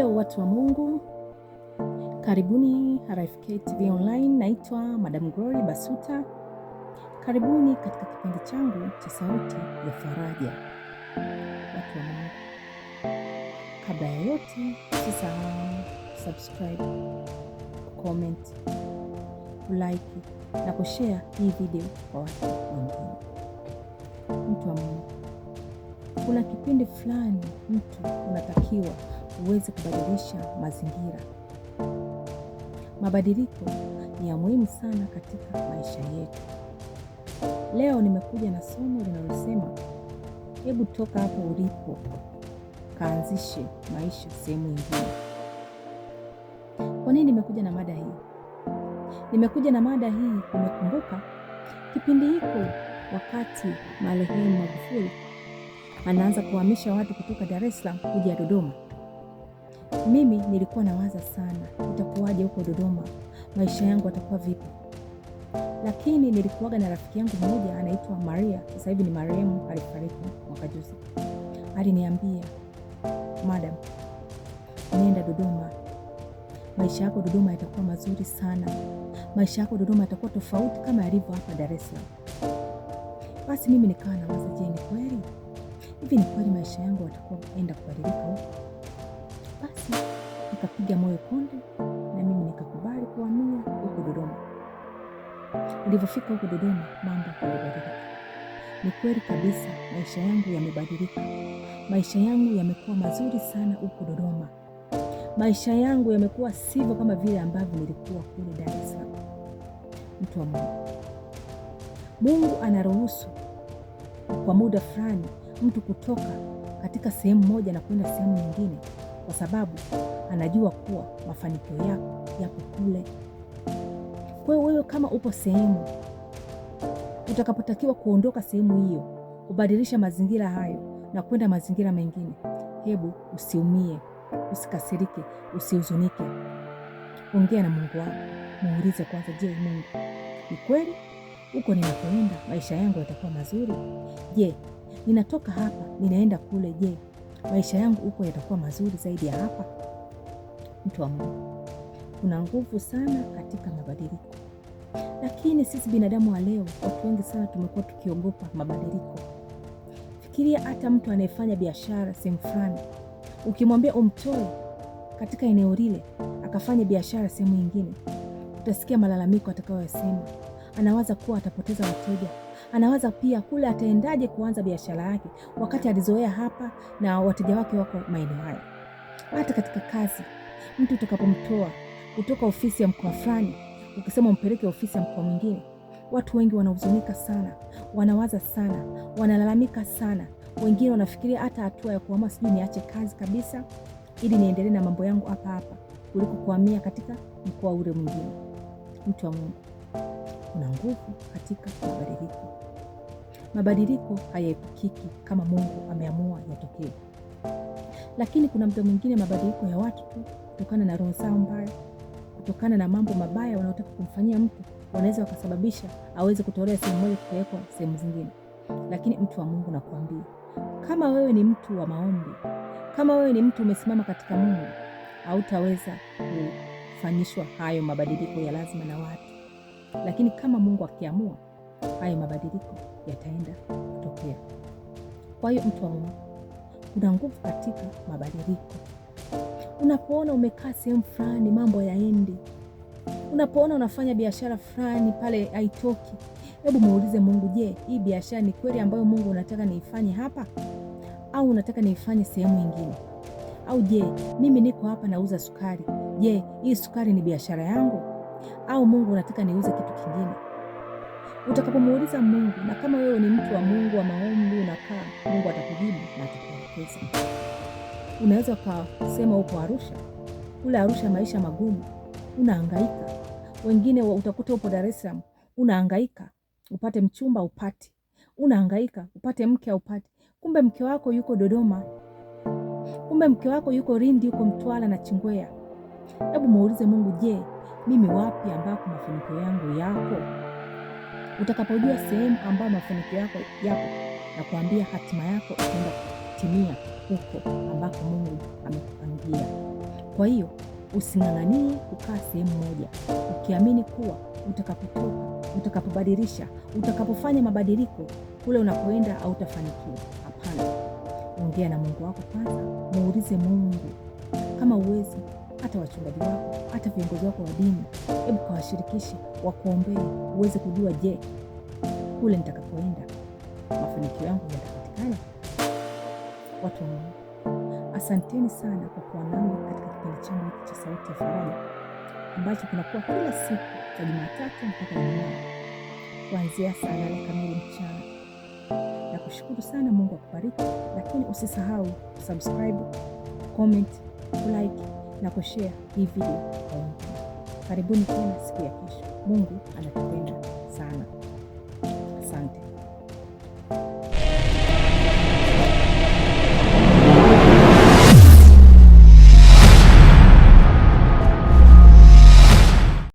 Halo watu wa Mungu, karibuni RFK TV Online. Naitwa Madam Glory Basuta. Karibuni katika kipindi changu cha Sauti ya Faraja. Watu wa Mungu, kabla ya yote, usisahau subscribe, comment, like na kushare hii video kwa watu wengine. Mtu wa Mungu, kuna kipindi fulani mtu unatakiwa uweze kubadilisha mazingira. Mabadiliko ni ya muhimu sana katika maisha yetu. Leo nimekuja na somo linalosema hebu toka hapo ulipo, kaanzishe maisha sehemu nyingine. Kwa nini nimekuja na mada hii? Nimekuja na mada hii, kumekumbuka kipindi hiko wakati marehemu Magufuli anaanza kuhamisha watu kutoka Dar es Salaam kuja Dodoma. Mimi nilikuwa nawaza sana, itakuwaje huko Dodoma, maisha yangu atakuwa vipi? Lakini nilikuwaga na rafiki yangu mmoja anaitwa Maria, sasa hivi ni marehemu, alifariki mwaka juzi. Aliniambia, madam, nenda Dodoma, maisha yako Dodoma yatakuwa mazuri sana, maisha yako Dodoma yatakuwa tofauti kama yalivyo hapa Dar es Salaam. Basi mimi nikawa nawaza, je, ni kweli hivi? Ni kweli maisha yangu watakuwa enda kubadilika huko? Basi nikapiga moyo konde na mimi nikakubali kuhamia huko Dodoma. Nilivyofika huko Dodoma, mambo yalibadilika. Ni kweli kabisa, maisha yangu yamebadilika. Maisha yangu yamekuwa mazuri sana huko Dodoma. Maisha yangu yamekuwa sivyo kama vile ambavyo nilikuwa kule Dar es Salaam. Mtu wa Mungu, Mungu anaruhusu kwa muda fulani mtu kutoka katika sehemu moja na kwenda sehemu nyingine kwa sababu anajua kuwa mafanikio yako yapo kule. Kwa hiyo wewe kama upo sehemu, utakapotakiwa kuondoka sehemu hiyo, kubadilisha mazingira hayo na kwenda mazingira mengine, hebu usiumie, usikasirike, usihuzunike. Ongea na Mungu wako, muulize kwanza, je, Mungu, ni kweli huko ninapoenda maisha yangu yatakuwa mazuri? Je, ninatoka hapa ninaenda kule, je maisha yangu huko yatakuwa mazuri zaidi ya hapa? Mtu wa Mungu, kuna nguvu sana katika mabadiliko, lakini sisi binadamu wa leo, watu wengi sana tumekuwa tukiogopa mabadiliko. Fikiria hata mtu anayefanya biashara sehemu fulani, ukimwambia umtoe katika eneo lile akafanya biashara sehemu nyingine, utasikia malalamiko atakayoyasema. Anawaza kuwa atapoteza wateja. Anawaza pia kule ataendaje kuanza biashara yake wakati alizoea hapa na wateja wake wako maeneo haya Hata katika kazi, mtu utakapomtoa kutoka ofisi ya mkoa fulani, ukisema umpeleke ofisi ya mkoa mwingine, watu wengi wanahuzunika sana, wanawaza sana, wanalalamika sana. Wengine wanafikiria hata hatua ya kuamua, sijui niache kazi kabisa ili niendelee na mambo yangu hapa hapa kuliko kuhamia katika mkoa ule mwingine. Mtu wa Mungu, kuna nguvu katika mabadiliko. Mabadiliko hayaepukiki kama Mungu ameamua yatokee, lakini kuna mda mwingine mabadiliko ya watu tu, kutokana na roho zao mbaya, kutokana na mambo mabaya wanaotaka kumfanyia mtu, wanaweza wakasababisha aweze kutolea sehemu moja kupelekwa sehemu zingine. Lakini mtu wa Mungu, nakuambia kama wewe ni mtu wa maombi, kama wewe ni mtu umesimama katika Mungu, hautaweza kufanyishwa hayo mabadiliko ya lazima na watu lakini kama Mungu akiamua, hayo mabadiliko yataenda kutokea. Kwa hiyo mtu wa Mungu, kuna nguvu katika mabadiliko. Unapoona umekaa sehemu fulani mambo yaendi, unapoona unafanya biashara fulani pale haitoki, hebu muulize Mungu, je, hii biashara ni kweli ambayo Mungu unataka niifanye hapa au unataka niifanye sehemu nyingine? Au je, mimi niko hapa nauza sukari, je, hii sukari ni biashara yangu au Mungu unataka niuze kitu kingine? Utakapomuuliza Mungu, na kama wewe ni mtu wa Mungu wa maombi unakaa, Mungu atakujibu na atakuelekeza. Unaweza ukasema uko Arusha, kule Arusha maisha magumu, unahangaika. Wengine utakuta upo Dar es Salaam, unahangaika upate mchumba upate, unahangaika upate mke upate, kumbe mke wako yuko Dodoma, kumbe mke wako yuko Lindi, yuko Mtwara na Chingwea. Hebu muulize Mungu, je, mimi wapi ambako mafanikio yangu yako? Utakapojua sehemu ambayo mafanikio yako yako, na kuambia hatima yako itaenda kutimia huko ambako Mungu amekupangia. Kwa hiyo using'ang'anie kukaa sehemu moja, ukiamini kuwa utakapotoka, utakapobadilisha, utakapofanya mabadiliko kule unakoenda hautafanikiwa. Hapana, ongea na Mungu wako kwanza, muulize Mungu kama uwezi hata wachungaji wako, hata viongozi wako wa dini, hebu kawashirikishe, wakuombee uweze kujua, je, kule nitakapoenda mafanikio yangu yatapatikana? Watu wa Mungu, asanteni sana kwa kuwa nami katika kipindi changu hiki cha Sauti ya Faraja ambacho kinakuwa kila siku za Jumatatu mpaka Ijumaa kuanzia saa nane kamili mchana. Na kushukuru sana, Mungu akubariki, lakini usisahau kusubscribe, comment, like na kushare hii video kwa wengine. Karibuni tena siku ya kesho. Mungu anatupenda.